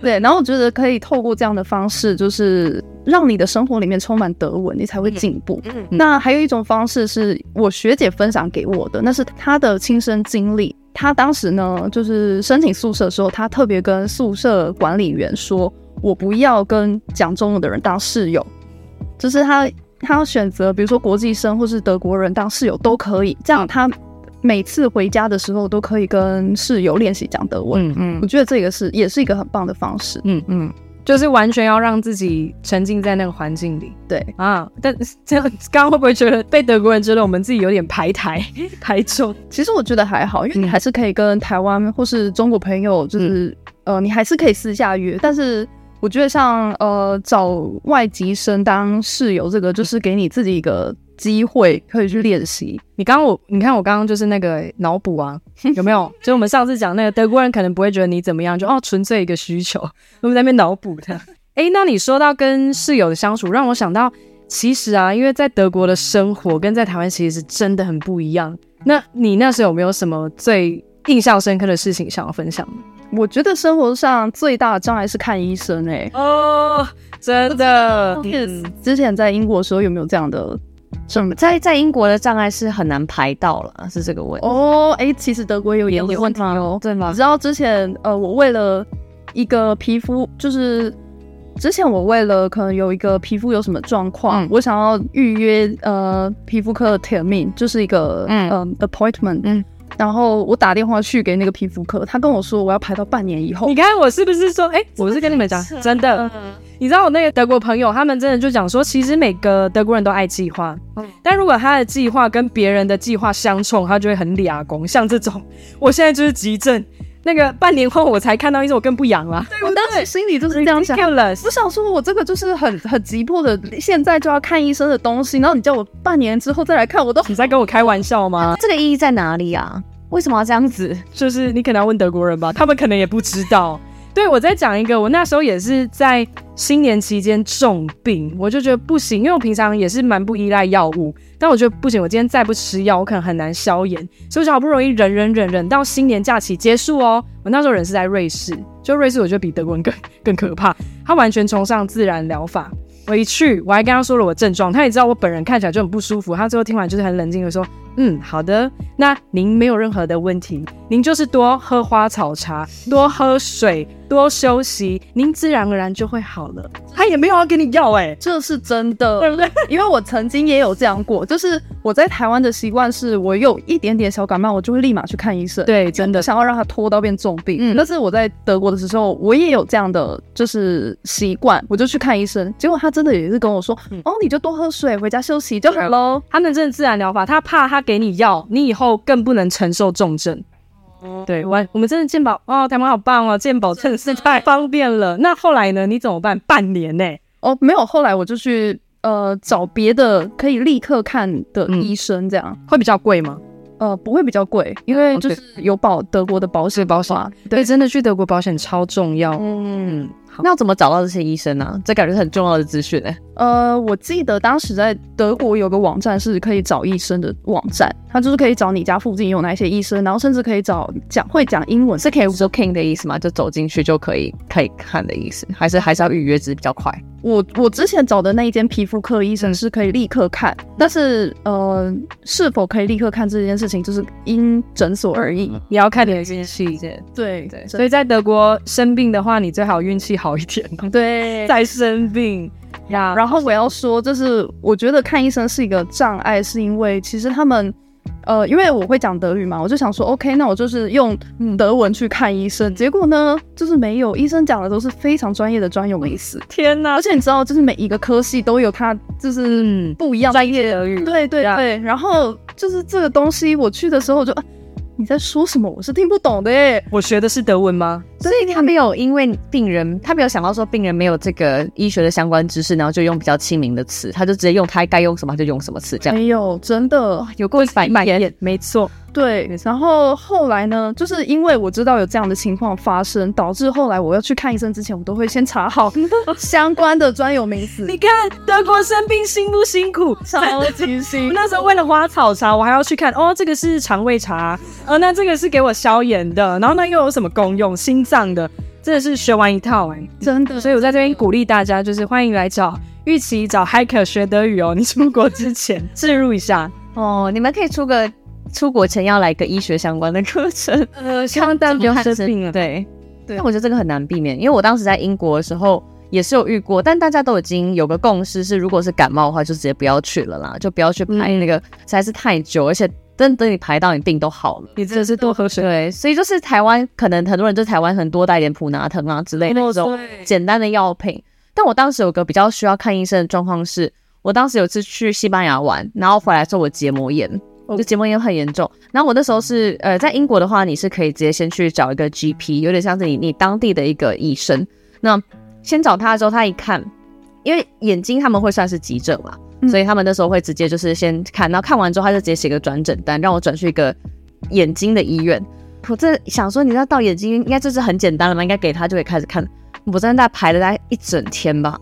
對，然後我覺得可以透過這樣的方式，就是讓你的生活裡面充滿德文，你才會進步。嗯，那還有一種方式是我學姐分享給我的，那是她的親身經歷。她當時呢，就是申請宿舍的時候，她特別跟宿舍管理員說。我不要跟講中文的人當室友，就是他他要選擇，比如說國際生或是德國人當室友都可以。這樣他每次回家的時候都可以跟室友練習講德文。嗯，嗯，我覺得這個是也是一個很棒的方式。嗯嗯，就是完全要讓自己沉浸在那個環境裡。對啊，但這樣剛剛會不會覺得被德國人覺得我們自己有點排台排中？其實我覺得還好，因為你還是可以跟台灣或是中國朋友，就是、嗯、呃，你還是可以私下約，但是。我覺得像呃找外籍生當室友這個，就是給你自己一個機會可以去練習。你剛剛我你看我剛剛就是那個腦補啊，有沒有？ 就我們上次講那個德國人可能不會覺得你怎麼樣，就哦純粹一個需求，我們在那邊腦補的。 誒，那你說到跟室友的相處，讓我想到其實啊，因為在德國的生活跟在台灣其實是真的很不一樣。那你那時候有沒有什麼最印象深刻的事情想要分享的？我覺得生活上最大的障礙是看醫生，哎、欸、哦，oh, 真的。Yes. 之前在英國的時候有沒有這樣的什麼？在在英國的障礙是很難排到了，是這個問題哦。誒、oh, 欸，其實德國有也有有點問題哦，對嗎？你知道之前呃，我為了一個皮膚，就是之前我為了可能有一個皮膚有什麼狀況，嗯、我想要預約呃皮膚科的 Termin，就是一個嗯 appointment，嗯。呃 appointment 嗯然後我打電話去給那個皮膚科，他跟我說我要排到半年以後。你看我是不是說，哎、欸，我是跟你們講的真的，嗯、你知道我那個德國朋友，他們真的就講說，其實每個德國人都愛計劃，嗯、但如果他的計劃跟別人的計劃相衝，他就會很兩光。像這種，我現在就是急症。嗯那個半年後我才看到醫生，我更不癢了。對，我當時心裡就是這樣想， 我想說我這個就是很很急迫的、現在就要看醫生的東西。然後你叫我半年之後再來看，我都你在跟我開玩笑嗎？啊，這個意義在哪裡啊？為什麼要這樣子？就是你可能要問德國人吧，他們可能也不知道。 對，我再講一個，我那時候也是在新年期間重病，我就覺得不行，因為我平常也是蠻不依賴藥物，但我覺得不行，我今天再不吃藥，我可能很難消炎，所以我就好不容易忍忍忍忍到新年假期結束哦。我那時候人是在瑞士，就瑞士我覺得比德國人更更可怕，他完全崇尚自然療法，我一去，我還跟他說了我症狀，他也知道我本人看起來就很不舒服，他最後聽完就是很冷靜的說。嗯，好的。那您沒有任何的問題，您就是多喝花草茶，多喝水，多休息，您自然而然就會好了。他也沒有要給你藥，哎、欸，這是真的，對不對？因為我曾經也有這樣過，就是我在台灣的習慣是，我有一點點小感冒，我就會立馬去看醫生。對，真的想要讓他拖到變重病。嗯，但是我在德國的時候，我也有這樣的就是習慣，我就去看醫生，結果他真的也是跟我說，嗯、哦，你就多喝水，回家休息就好嘍。Hello 他們真的自然療法，他怕他。給你藥，你以後更不能承受重症。哦、對，哇，我們真的健保哦，台灣好棒啊，健保真是太方便了。真的？那後來呢？你怎麼辦？半年呢、欸？哦，沒有，後來我就去呃找別的可以立刻看的醫生，這樣、嗯、會比較貴嗎？呃，不會比較貴，因為就是有保、嗯、德國的保險，保險啊，對，對真的去德國保險超重要。嗯。那要怎麼找到這些醫生呢、啊？這感覺是很重要的資訊呢。呃，我記得當時在德國有個網站是可以找醫生的網站，它就是可以找你家附近有哪些醫生，然後甚至可以找講會講英文，是可以是 king 的意思嗎？就走進去就可以可以看的意思，還是還是要預約值比較快？我我之前找的那一間皮膚科醫生是可以立刻看，嗯、但是呃，是否可以立刻看這件事情，就是因診所而異，你、嗯、要看你的運氣。對對，對所以在德國生病的話，你最好運氣好。好一點、喔、對，在生病呀。Yeah, 然後我要說，就是我覺得看醫生是一個障礙，是因為其實他們，呃，因為我會講德語嘛，我就想說，OK，那我就是用德文去看醫生。嗯、結果呢，就是沒有醫生講的都是非常專業的專有名詞。天哪、啊！而且你知道，就是每一個科系都有它，就是、嗯、不一樣的專業德語。對對對。Yeah, 然後就是這個東西，我去的時候就、啊、你在說什麼，我是聽不懂的耶。我學的是德文嗎？所以他沒有因為病人，他沒有想到說病人沒有這個醫學的相關知識，然後就用比較親民的詞，他就直接用他該用什麼他就用什麼詞這樣。沒有，真的、哦、有過反演，沒錯，對。然後後來呢，就是因為我知道有這樣的情況發生，導致後來我要去看醫生之前，我都會先查好相關的專有名詞。 你看德國生病辛不辛苦？超級辛苦。 那時候為了花草茶，我還要去看哦，這個是腸胃茶。呃，那這個是給我消炎的，然後那又有什麼功用？心臟。上的真的是學完一套哎、欸，真的，所以我在這邊鼓勵大家，就是歡迎來找郁祺、嗯、找 Heike 學德語哦、喔。你出國之前，置 入一下哦。你們可以出個出國前要來個醫學相關的課程，呃，相當牛。生病了，對，對，對但我覺得這個很難避免，因為我當時在英國的時候也是有遇過，但大家都已經有個共識是，如果是感冒的話，就直接不要去了啦，就不要去拍那個實在是太久、嗯、而且。等等你排到你病都好了，你真的是多喝水。對，所以就是台灣可能很多人在台灣很多帶點普拿疼啊之類那種簡單的藥品。哦，但我當時有個比較需要看醫生的狀況是，我當時有一次去西班牙玩，然後回來說我結膜炎，結膜炎很嚴重。Okay. 然後我那時候是呃在英國的話，你是可以直接先去找一個 GP，有點像是你你當地的一個醫生。那先找他的時候，他一看，因為眼睛他們會算是急症嘛。所以他們那時候會直接就是先看，然後看完之後他就直接寫個轉診單，讓我轉去一個眼睛的醫院。我正想說，你知道到眼睛應該就是很簡單了嘛，應該給他就可以開始看。我真的排了大概一整天吧。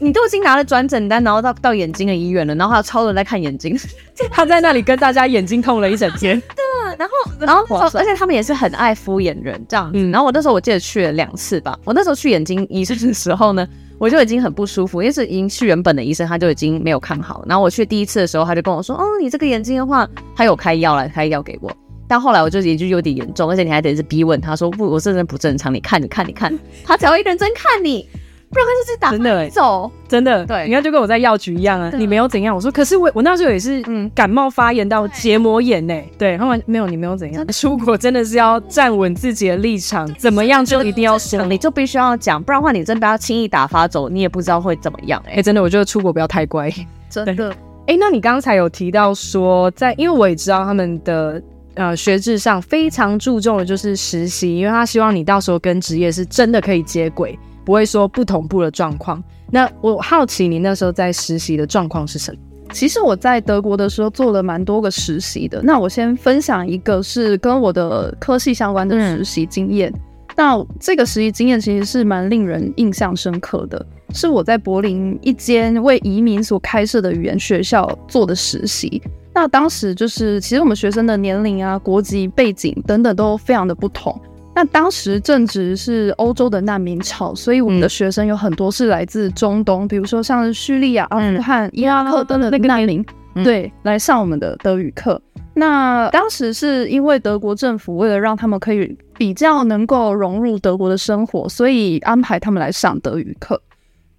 你都已經拿了轉診單，然後到到眼睛的醫院了，然後還有超多人在看眼睛。 他在那裡跟大家眼睛痛了一整天。對，然後然後，然後而且他們也是很愛敷衍人這樣。嗯，然後我那時候我記得去了兩次吧。我那時候去眼睛醫生的時候呢，我就已經很不舒服，因為是已經去原本的醫生，他就已經沒有看好。然後我去第一次的時候，他就跟我說：“哦，你這個眼睛的話，他有開藥來開藥給我。”但後來我就已經有點嚴重，而且你還得是逼問他說：“不，我這人不正常，你看，你看，你看，他才會認真看你。”不然他就是直接打發走，真的，欸、真的。對，你看就跟我在藥局一樣啊，的你沒有怎樣。我說，可是我我那時候也是，嗯，感冒發炎到結膜炎呢、欸。對，他們沒有你沒有怎樣。的出國真的是要站穩自己的立場，對怎麼樣就一定要說，你就必須要講，不然的話你真的不要輕易打發走，你也不知道會怎麼樣。誒對、欸，真的，我覺得出國不要太乖。真的。誒、欸，那你剛才有提到說，在因為我也知道他們的呃學制上非常注重的就是實習，因為他希望你到時候跟職業是真的可以接軌。不會說不同步的狀況。那我好奇你那時候在實習的狀況是什麼？其實我在德國的時候做了蠻多個實習的。那我先分享一個是跟我的科系相關的實習經驗。嗯、那這個實習經驗其實是蠻令人印象深刻的，是我在柏林一間為移民所開設的語言學校做的實習。那當時就是其實我們學生的年齡啊、國籍、背景等等都非常的不同。那當時正值是歐洲的難民潮，所以我們的學生有很多是來自中東，嗯、比如說像敘利亞、阿富汗、伊拉克等等，那個難民，嗯、對，來上我們的德語課。嗯、那當時是因為德國政府為了讓他們可以比較能夠融入德國的生活，所以安排他們來上德語課。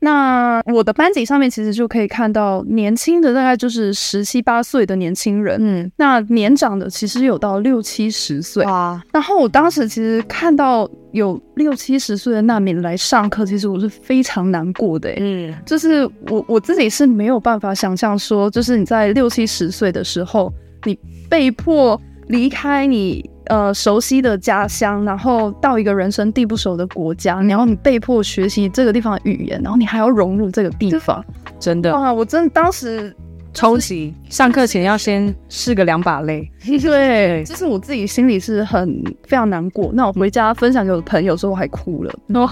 那我的班級上面其實就可以看到年輕的，大概就是十七八歲的年輕人。嗯，那年長的其實有到六七十歲啊。哇，然後我當時其實看到有六七十歲的難民來上課，其實我是非常難過的。嗯，就是我我自己是沒有辦法想象說，就是你在六七十歲的時候，你被迫離開你。呃，熟悉的家鄉，然後到一個人生地不熟的國家，然後你被迫學習這個地方的語言，然後你還要融入這個地方，就真的啊！我真的當時抽泣。級就是、上課前要先試個兩把淚，對，對就是我自己心裡是很非常難過。那我回家分享給我的朋友說我還哭了。嗯、哦，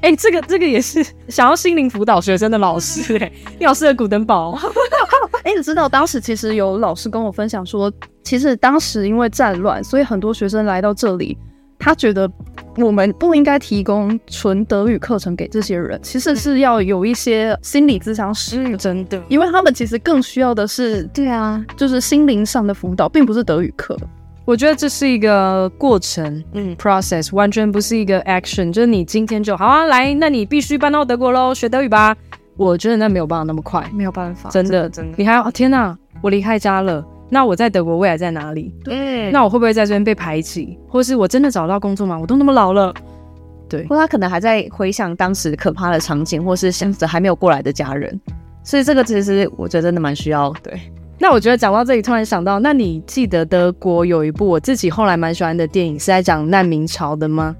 哎、欸，這個這個也是想要心靈輔導學生的老師、欸，哎、嗯，你好適合谷燈堡、哦。 哎，你知道當時其實有老師跟我分享說，其實當時因為戰亂，所以很多學生來到這裡。他覺得我們不應該提供純德語課程給這些人，其實是要有一些心理諮商師，真的，嗯，因為他們其實更需要的是，嗯，對啊，就是心靈上的輔導，並不是德語課。我覺得這是一個過程，嗯，process 完全不是一個 action，就是你今天就好啊，來，那你必須搬到德國嘍，學德語吧。我覺得那沒有辦法那麼快，沒有辦法，真的真的。真的真的你還、啊、天哪，我離開家了，那我在德國未來在哪裡？對、嗯，那我會不會在這邊被排擠，或是我真的找不到工作嗎？我都那麼老了，對。或他可能還在回想當時可怕的場景，或是想着還沒有過來的家人。所以這個其實我覺得真的蠻需要。對，那我覺得講到這裡，突然想到，那你記得德國有一部我自己後來蠻喜歡的電影，是在講難民潮的嗎？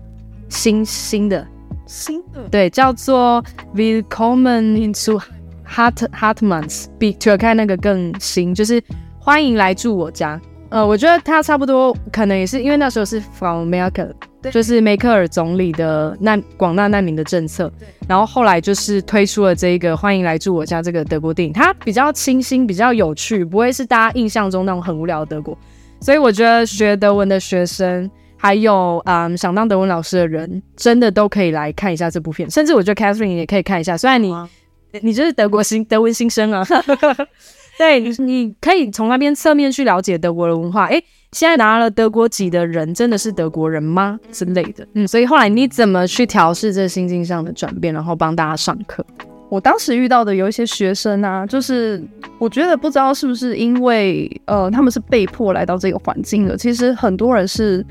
新新的。新的對，叫做 Willkommen bei den Hartmanns，比去看那個更新，就是歡迎來住我家。呃，我覺得他差不多，可能也是因為那時候是 Frau Merkel 就是梅克爾總理的難廣大難民的政策，對然後後來就是推出了這一個歡迎來住我家這個德國電影，它比較清新，比較有趣，不會是大家印象中那種很無聊的德國。所以我覺得學德文的學生。嗯還有，嗯，想當德文老師的人，真的都可以來看一下這部片。甚至我覺得 Catherine 也可以看一下，雖然你，啊、你，你就是德國新德文新生啊， 對，你可以從那邊側面去了解德國的文化。哎、欸，現在拿了德國籍的人，真的是德國人嗎？之類的。嗯，所以後來你怎麼去調適這心境上的轉變，然後幫大家上課？我當時遇到的有一些學生啊，就是我覺得不知道是不是因為，呃，他們是被迫來到這個環境的。其實很多人是。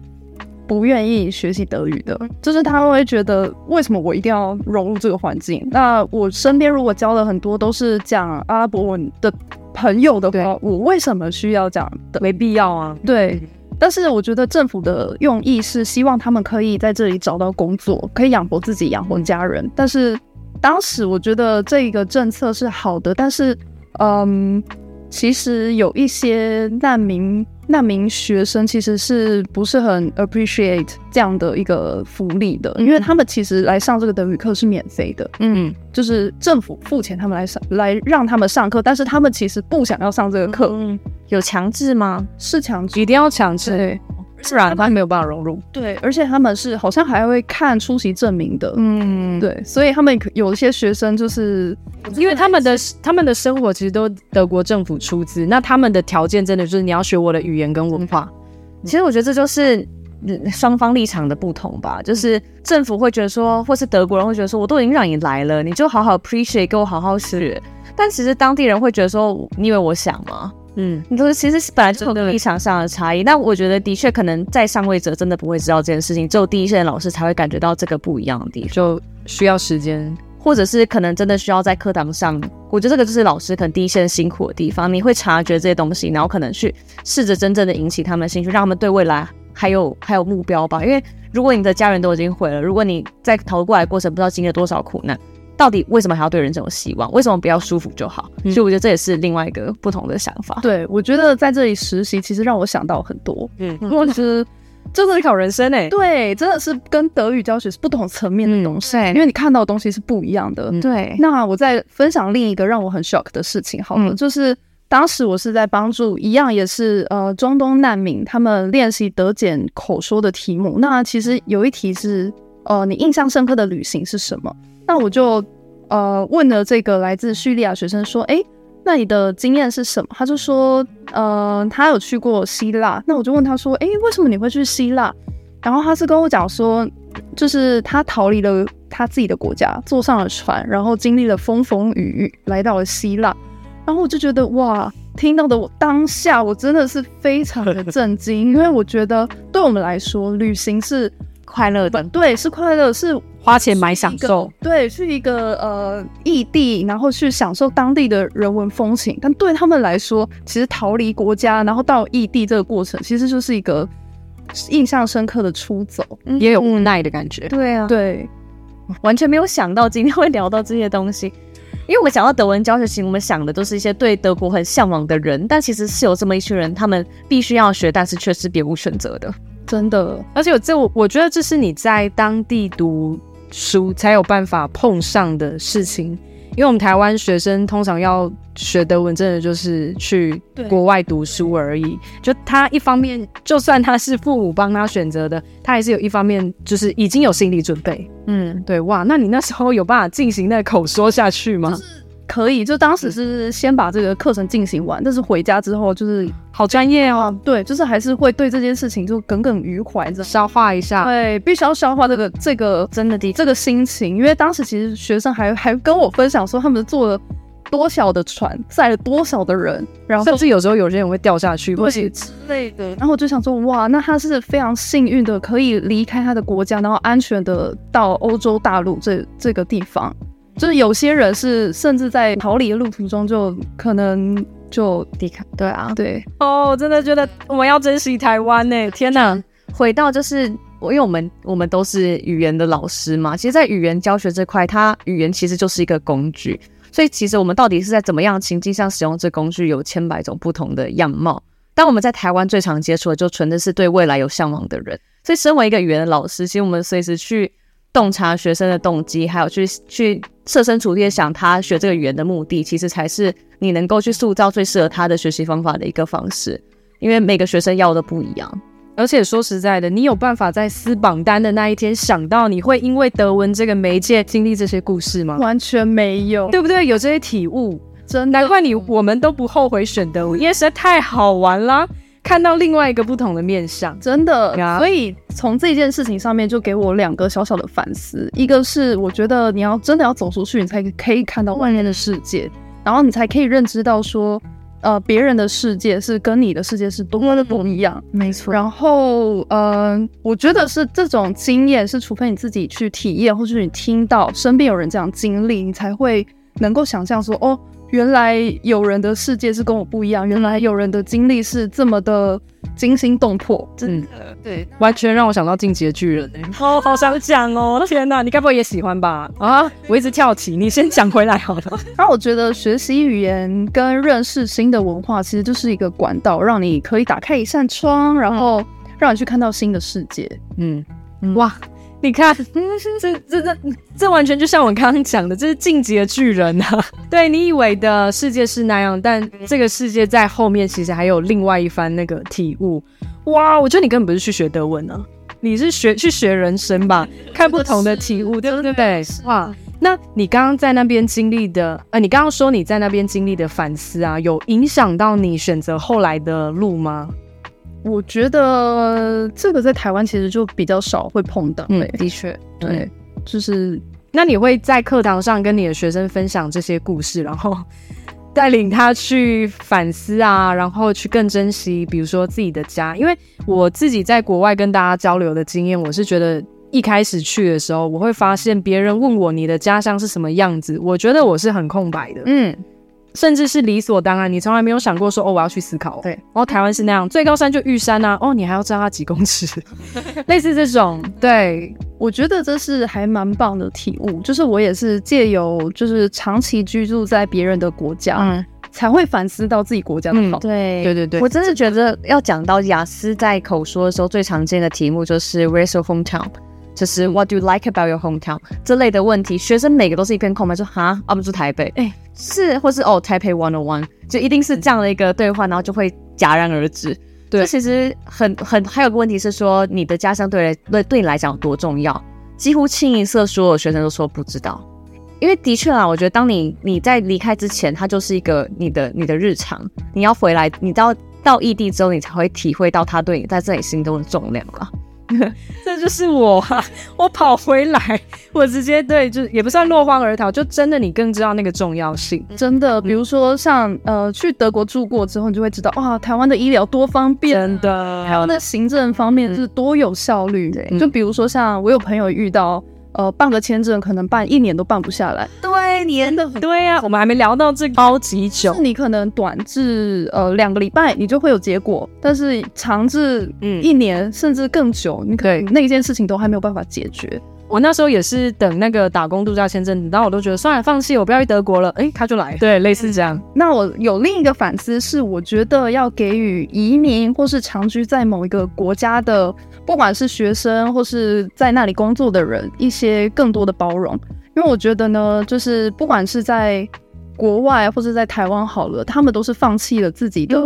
不願意學習德語的，就是他們會覺得為什麼我一定要融入這個環境？那我身邊如果交了很多都是講阿拉伯文的朋友的話，對我為什麼需要講？沒必要啊。對，但是我覺得政府的用意是希望他們可以在這裡找到工作，可以養活自己，養活家人。但是當時我覺得這個政策是好的，但是嗯，其實有一些難民。那名學生其實是不是很 appreciate 這樣的一個福利的？嗯，因為他們其實來上這個德語課是免費的，嗯，就是政府付錢他們來上，來讓他們上課，但是他們其實不想要上這個課，嗯，有強制嗎？是強制，一定要強制。對。自然，他沒有辦法融入。對，而且他們是好像還會看出席證明的，嗯，對，所以他們有一些學生就是，因為他們的他們的生活其實都德國政府出資，那他們的條件真的就是你要學我的語言跟文化。嗯嗯、其實我覺得這就是雙方立場的不同吧，就是政府會覺得說，或是德國人會覺得說，我都已經讓你來了，你就好好 appreciate，給我好好學。是但其實當地人會覺得說，你以為我想嗎？嗯，你說其實本來就是立場上的差異，那對我覺得的確可能在上位者真的不會知道這件事情，只有第一線的老師才會感覺到這個不一樣的地方，就需要時間，或者是可能真的需要在課堂上，我覺得這個就是老師可能第一線辛苦的地方，你會察覺這些東西，然後可能去試着真正的引起他們的興趣，讓他們對未來還有還有目標吧，因為如果你的家人都已經毀了，如果你在逃過來的過程不知道經歷了多少苦難。到底為什麼還要對人生有希望？為什麼不要舒服就好？嗯、所以我覺得這也是另外一個不同的想法。對我覺得在這裡實習，其實讓我想到很多。嗯，如果其實真的是考人生誒、欸。對，真的是跟德語教學是不同層面的東西，嗯、因為你看到的東西是不一樣的。嗯、對，對那我再分享另一個讓我很 shock 的事情，好了，嗯、就是當時我是在幫助一樣也是呃中東難民，他們練習德檢口說的題目。那其實有一題是呃，你印象深刻的旅行是什麼？那我就呃問了這個來自敘利亞學生說，欸，那你的經驗是什麼？他就說，嗯，他有去過希臘。那我就問他說，欸，為什麼你會去希臘？然後他是跟我講說，就是他逃離了他自己的國家，坐上了船，然後經歷了風風雨雨，來到了希臘。然後我就覺得哇，聽到的我當下我真的是非常的震驚， 因為我覺得對我們來說，旅行是快樂的，對，是快樂，是。花錢買享受，去對，去一個呃異地，然後去享受當地的人文風情。但對他們來說，其實逃離國家，然後到異地這個過程，其實就是一個印象深刻的出走，嗯、也有無奈的感覺。對啊，對，完全沒有想到今天會聊到這些東西。因為我們講到德文教學系，我們想的都是一些對德國很向往的人，但其實是有這麼一群人，他們必須要學，但是卻是別無選擇的。真的，而且這，我我覺得這是你在當地讀。書才有辦法碰上的事情，因為我們台灣學生通常要學德文，真的就是去國外讀書而已。就他一方面，就算他是父母幫他選擇的，他還是有一方面就是已經有心理準備。嗯，對，哇，那你那時候有辦法進行那口說下去嗎？就是可以，就當時是先把這個課程進行完，嗯、但是回家之後就是好專業哦，啊。對，就是還是會對這件事情就耿耿於懷，要消化一下。對，必須要消化這個這個真的的這個心情，因為當時其實學生還還跟我分享說，他們坐了多小的船，載了多少的人，然後甚至有時候有些人會掉下去，或者之類的。然後我就想說，哇，那他是非常幸運的，可以離開他的國家，然後安全的到歐洲大陸這這個地方。就是有些人是甚至在逃離的路途中就可能就離開，對啊，對哦，oh, 我真的覺得我們要珍惜台灣呢！天哪，回到就是我，因為我們我們都是語言的老師嘛，其實，在語言教學這塊，它語言其實就是一個工具，所以其實我們到底是在怎麼樣情境上使用這個工具，有千百種不同的樣貌。但我們在台灣最常接觸的，就純的是對未來有嚮往的人，所以身為一個語言的老師，其實我們隨時去。洞察學生的動機，還有去去設身處地的想他學這個語言的目的，其實才是你能夠去塑造最適合他的學習方法的一個方式。因為每個學生要的不一樣，而且說實在的，你有辦法在撕榜單的那一天想到你會因為德文這個媒介經歷這些故事嗎？完全沒有，對不對？有這些體悟，真的。難怪你我們都不後悔選德文，因為實在太好玩啦。看到另外一個不同的面向，真的，Yeah. 所以從這件事情上面就給我兩個小小的反思，一個是我覺得你要真的要走出去，你才可以看到外面的世界，然後你才可以認知到說，呃，別人的世界是跟你的世界是多麼的不一樣。嗯，沒錯。然後，嗯、呃，我覺得是這種經驗是，除非你自己去體驗，或者你聽到身邊有人這樣經歷，你才會能夠想象說，哦。原來有人的世界是跟我不一樣，原來有人的經歷是這麼的驚心動魄，真的，嗯、對，完全讓我想到《進擊的巨人、欸》哦，oh, 好想講哦，天哪，你該不會也喜歡吧？啊，我一直跳起，你先講回來好了。讓、 啊、我覺得學習語言跟認識新的文化，其實就是一個管道，讓你可以打開一扇窗，然後讓你去看到新的世界。嗯，嗯，哇。你看，這這這這完全就像我剛剛講的，這是進擊的巨人啊！對，你以為的世界是那樣，但這個世界在後面其實還有另外一番那個體悟。哇，我覺得你根本不是去學德文呢、啊，你是學去學人生吧？看不同的體悟，對不對？的哇，那你剛剛在那邊經歷的，呃，你剛剛說你在那邊經歷的反思啊，有影響到你選擇後來的路嗎？我覺得這個在台灣其實就比較少會碰到欸。嗯，的確，對，對，就是那你會在課堂上跟你的學生分享這些故事，然後帶領他去反思啊，然後去更珍惜，比如說自己的家。因為我自己在國外跟大家交流的經驗，我是覺得一開始去的時候，我會發現別人問我你的家鄉是什麼樣子，我覺得我是很空白的。嗯。甚至是理所當然，你從來沒有想過說哦，我要去思考、哦。對，然後、哦、台灣是那樣，最高山就玉山吶、啊，哦，你還要知道它幾公尺， 類似這種。對，我覺得這是還蠻棒的體悟，就是我也是借由就是長期居住在別人的國家，嗯，才會反思到自己國家的好、嗯。對對對對，我真的覺得要講到雅思在口說的時候最常見的題目就是 where's your hometown。就是 What do you like about your hometown？這類的問題，學生每個都是一片空白說，說哈、啊，我不住台北，哎、欸，是，或是哦，台北101，就一定是這樣的一個對話，然後就會戛然而止。對，這其實很很，還有個問題是說，你的家鄉對來對對你來講有多重要？幾乎清一色，所有學生都說不知道，因為的確啊，我覺得當你你在離開之前，它就是一個你的你的日常，你要回來，你到到異地之後，你才會體會到它對你在這裡心中的重量了。 這就是我哈、啊！我跑回來，我直接對，就也不算落荒而逃，就真的你更知道那個重要性。真的，比如說像、嗯、呃，去德國住過之後，你就會知道哇，台灣的醫療多方便、啊，真的，台灣的行政方面是多有效率。嗯、就比如說像我有朋友遇到。呃，辦個簽證可能辦一年都辦不下來，對，年得很。對呀，啊，我們還沒聊到這個，超級久。你可能短至呃兩個禮拜，你就會有結果；但是長至嗯一年甚至更久，嗯、你可能那一件事情都還沒有辦法解決。對嗯我那時候也是等那個打工度假簽證，然後我都覺得算了，放棄，我不要去德國了。誒、欸，他就來，對，類似這樣、嗯。那我有另一個反思是，我覺得要給予移民或是長居在某一個國家的，不管是學生或是在那裡工作的人，一些更多的包容，因為我覺得呢，就是不管是在。國外或者在台灣好了，他們都是放棄了自己的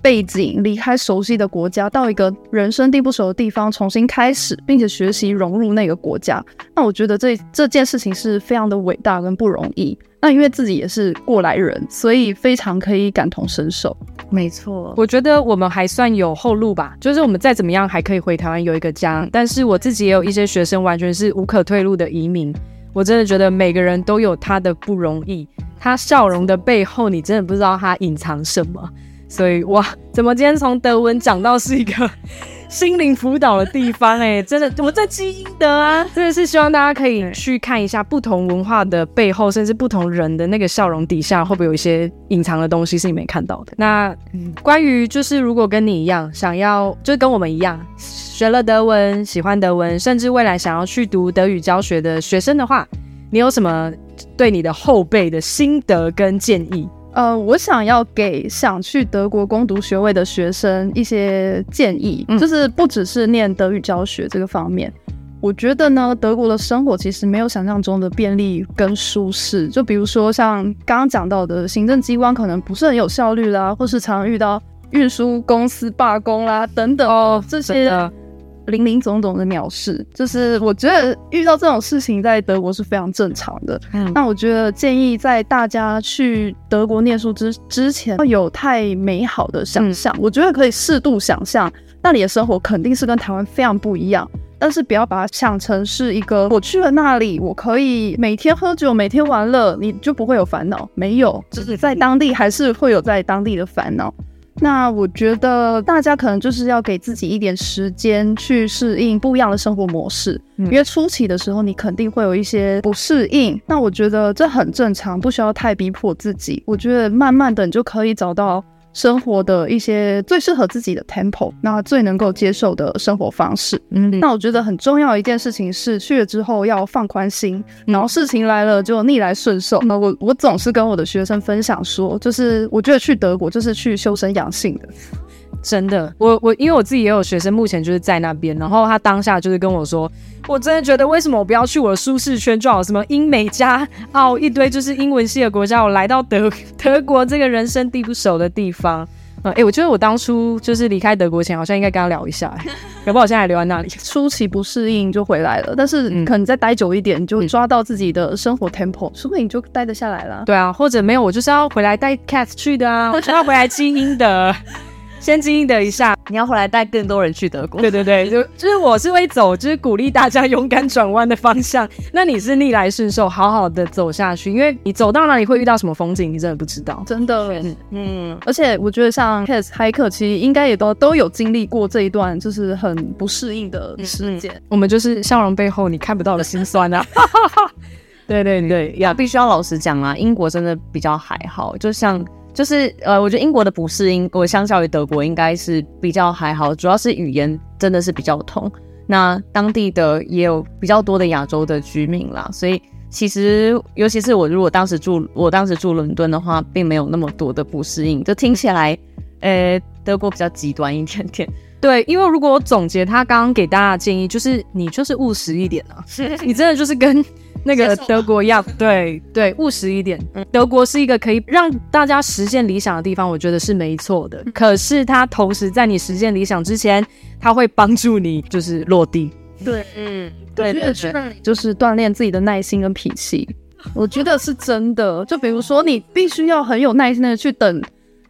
背景，嗯、離開熟悉的國家，到一個人生地不熟的地方重新開始，並且學習融入那個國家。那我覺得這這件事情是非常的偉大跟不容易。那因為自己也是過來人，所以非常可以感同身受。沒錯，我覺得我們還算有後路吧，就是我們再怎麼樣還可以回台灣有一個家。但是我自己也有一些學生完全是無可退路的移民，我真的覺得每個人都有他的不容易。他笑容的背後，你真的不知道他隱藏什麼，所以哇，怎麼今天從德文講到是一個心靈輔導的地方、欸？誒，真的，我在積陰德啊！真的是希望大家可以去看一下不同文化的背後，對甚至不同人的那個笑容底下，會不會有一些隱藏的東西是你沒看到的？對那關於就是如果跟你一樣，想要就跟我們一樣學了德文，喜歡德文，甚至未來想要去讀德語教學的學生的話。你有什麼對你的後輩的心得跟建議？呃，我想要給想去德國攻讀學位的學生一些建議，嗯、就是不只是念德語教學這個方面。我覺得呢，德國的生活其實沒有想象中的便利跟舒適。就比如說像剛剛講到的，行政機關可能不是很有效率啦，或是常常遇到運輸公司罷工啦，等等哦，這些。哦，真的。林林總總的鳥事，就是我覺得遇到這種事情在德國是非常正常的。嗯，那我覺得建議在大家去德國念書之之前，有太美好的想象嗯、我覺得可以適度想象。那裡的生活肯定是跟台灣非常不一樣，但是不要把它想成是一個我去了那裡，我可以每天喝酒、每天玩樂，你就不會有煩惱。沒有，就是在當地還是會有在當地的煩惱。那我覺得大家可能就是要給自己一點時間去適應不一樣的生活模式，嗯、因為初期的時候你肯定會有一些不適應。那我覺得這很正常，不需要太逼迫自己。我覺得慢慢的你就可以找到。生活的一些最適合自己的 tempo，那最能夠接受的生活方式。嗯，嗯，那我覺得很重要一件事情是去了之後要放寬心，然後事情來了就逆來順受。那我我總是跟我的學生分享說，就是我覺得去德國就是去修身養性的。真的，我我因為我自己也有學生，目前就是在那邊，然後他當下就是跟我說，我真的覺得為什麼我不要去我的舒適圈，就好什麼英美加澳，一堆就是英文系的國家，我來到德德國這個人生地不熟的地方，啊、嗯、哎、欸，我覺得我當初就是離開德國前，好像應該跟他聊一下、欸，搞 不好現在還留在那裡，初期不適應就回來了，但是可能再待久一點，你就抓到自己的生活 tempo，說不定你就待得下來了。對啊，或者沒有，我就是要回來帶 cats 去的啊，我就要回來精英的。 先經營的一下，你要回來帶更多人去德國。對對對，就就是我是會走，就是鼓勵大家勇敢轉彎的方向。 那你是逆來順受，好好的走下去，因為你走到哪裡會遇到什麼風景，你真的不知道。真的，是嗯。而且我覺得像 Kiss Heike，其實應該也都都有經歷過這一段，就是很不適應的時間，嗯。我們就是笑容背後你看不到的心酸啊。對對對，要、啊啊、必須要老實講啊，英國真的比較還好，就像。就是呃，我覺得英國的不適應，我相較於德國應該是比較還好，主要是語言真的是比較通。那當地的也有比較多的亞洲的居民啦，所以其實尤其是我如果當時住，我當時住倫敦的話，並沒有那麼多的不適應。就聽起來，誒，德國比較極端一點點。對，因為如果我總結他剛剛給大家的建議，就是你就是務實一點啊，你真的就是跟。 那個德國要對對務實一點。德國是一個可以讓大家實現理想的地方，我覺得是沒錯的。可是它同時在你實現理想之前，它會幫助你就是落地。對，嗯，對對對，就，就是鍛鍊自己的耐心跟脾氣。我覺得是真的。就比如說，你必須要很有耐心的去等。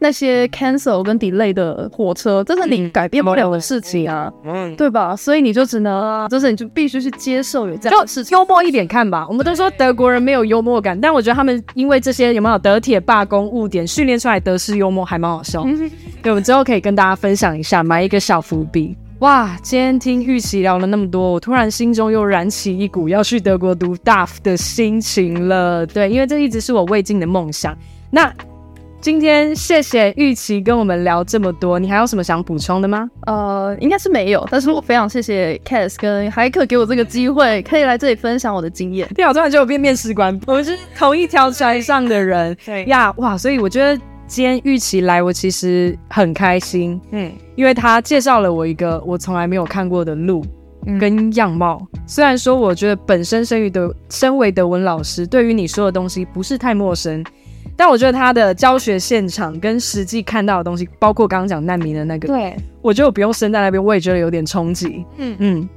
那些 cancel 跟 delay 的火車，這是你改變不了的事情啊，嗯，對吧？所以你就只能啊，就是你就必須去接受有這樣的事情。就是幽默一點看吧。我們都說德國人沒有幽默感，但我覺得他們因為這些有沒有德鐵罷工誤點訓練出來德式幽默還蠻好笑。 對，我們之後可以跟大家分享一下，埋一個小伏筆。哇，今天聽郁祺聊了那麼多，我突然心中又燃起一股要去德國讀 DAF 的心情了。對，因為這一直是我未盡的夢想。那。今天謝謝郁祺跟我們聊這麼多，你還有什麼想補充的嗎？呃，應該是沒有，但是我非常謝謝 Cass 跟海克給我這個機會，可以來這裡分享我的經驗。你好、啊，突然間我變面試官， 我們是同一條船上的人，對呀，對 yeah, 哇，所以我覺得今天郁祺來，我其實很開心，嗯，因為他介紹了我一個我從來沒有看過的路跟樣貌。嗯、雖然說我覺得本身生於德，身為德文老師，對於你說的東西不是太陌生。但我覺得他的教學現場跟實際看到的東西，包括剛剛講難民的那個，對，我覺得我不用身在那邊，我也覺得有點衝擊。嗯嗯，嗯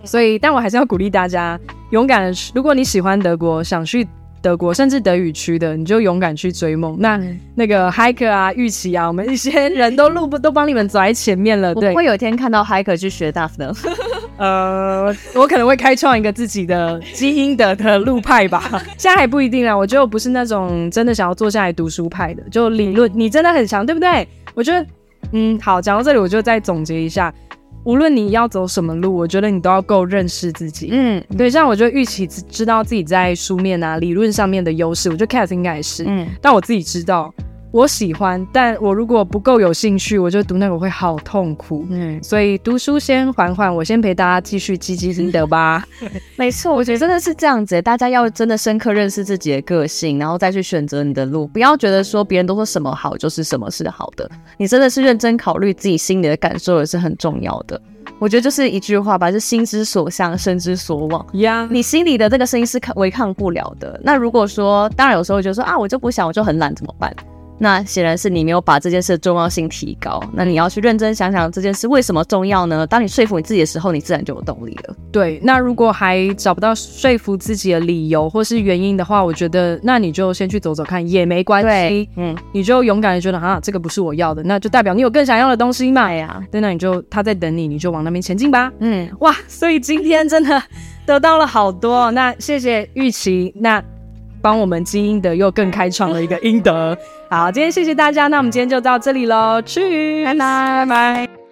對所以，但我還是要鼓勵大家勇敢的去。如果你喜歡德國，想去德國，甚至德語區的，你就勇敢去追夢。那對那個 Heike 啊，郁祺啊，我們一些人都錄 都幫你們走在前面了。對，我會有一天看到 Heike 去學 DaF 的。 呃，我可能會開創一個自己的基因的的路派吧，現在還不一定啊。我就不是那種真的想要坐下來讀書派的，就理論、嗯、你真的很強，對不對？我覺得，嗯，好，講到這裡，我就再總結一下，無論你要走什麼路，我覺得你都要夠認識自己。嗯，對，像我就郁祺知道自己在書面啊理論上面的優勢，我覺得 Cass 應該也是，嗯，但我自己知道。我喜歡，但我如果不夠有興趣，我就讀那個我會好痛苦。嗯，所以讀書先緩緩，我先陪大家繼續積極心得吧。沒錯，我覺得真的是這樣子， 大家要真的深刻認識自己的個性，然後再去選擇你的路，不要覺得說別人都說什麼好就是什麼是好的，你真的是認真考慮自己心裡的感受也是很重要的。我覺得就是一句話吧，就心之所向，身之所往。呀。Yeah. 你心裡的這個聲音是違抗不了的。那如果說，當然有時候覺得說啊，我就不想，我就很懶，怎麼辦？那顯然是你沒有把這件事的重要性提高。那你要去認真想想這件事為什麼重要呢？當你說服你自己的時候，你自然就有動力了。對。那如果還找不到說服自己的理由或是原因的話，我覺得那你就先去走走看也沒關係。嗯。你就勇敢的覺得啊，這個不是我要的，那就代表你有更想要的東西嘛。呀、啊。對，那你就他在等你，你就往那邊前進吧。嗯。哇，所以今天真的得到了好多。那謝謝郁祺，那幫我們跡英德又更開創了一個英德。 好，今天謝謝大家，那我們今天就到這裡嘍，去，拜拜拜拜。Bye.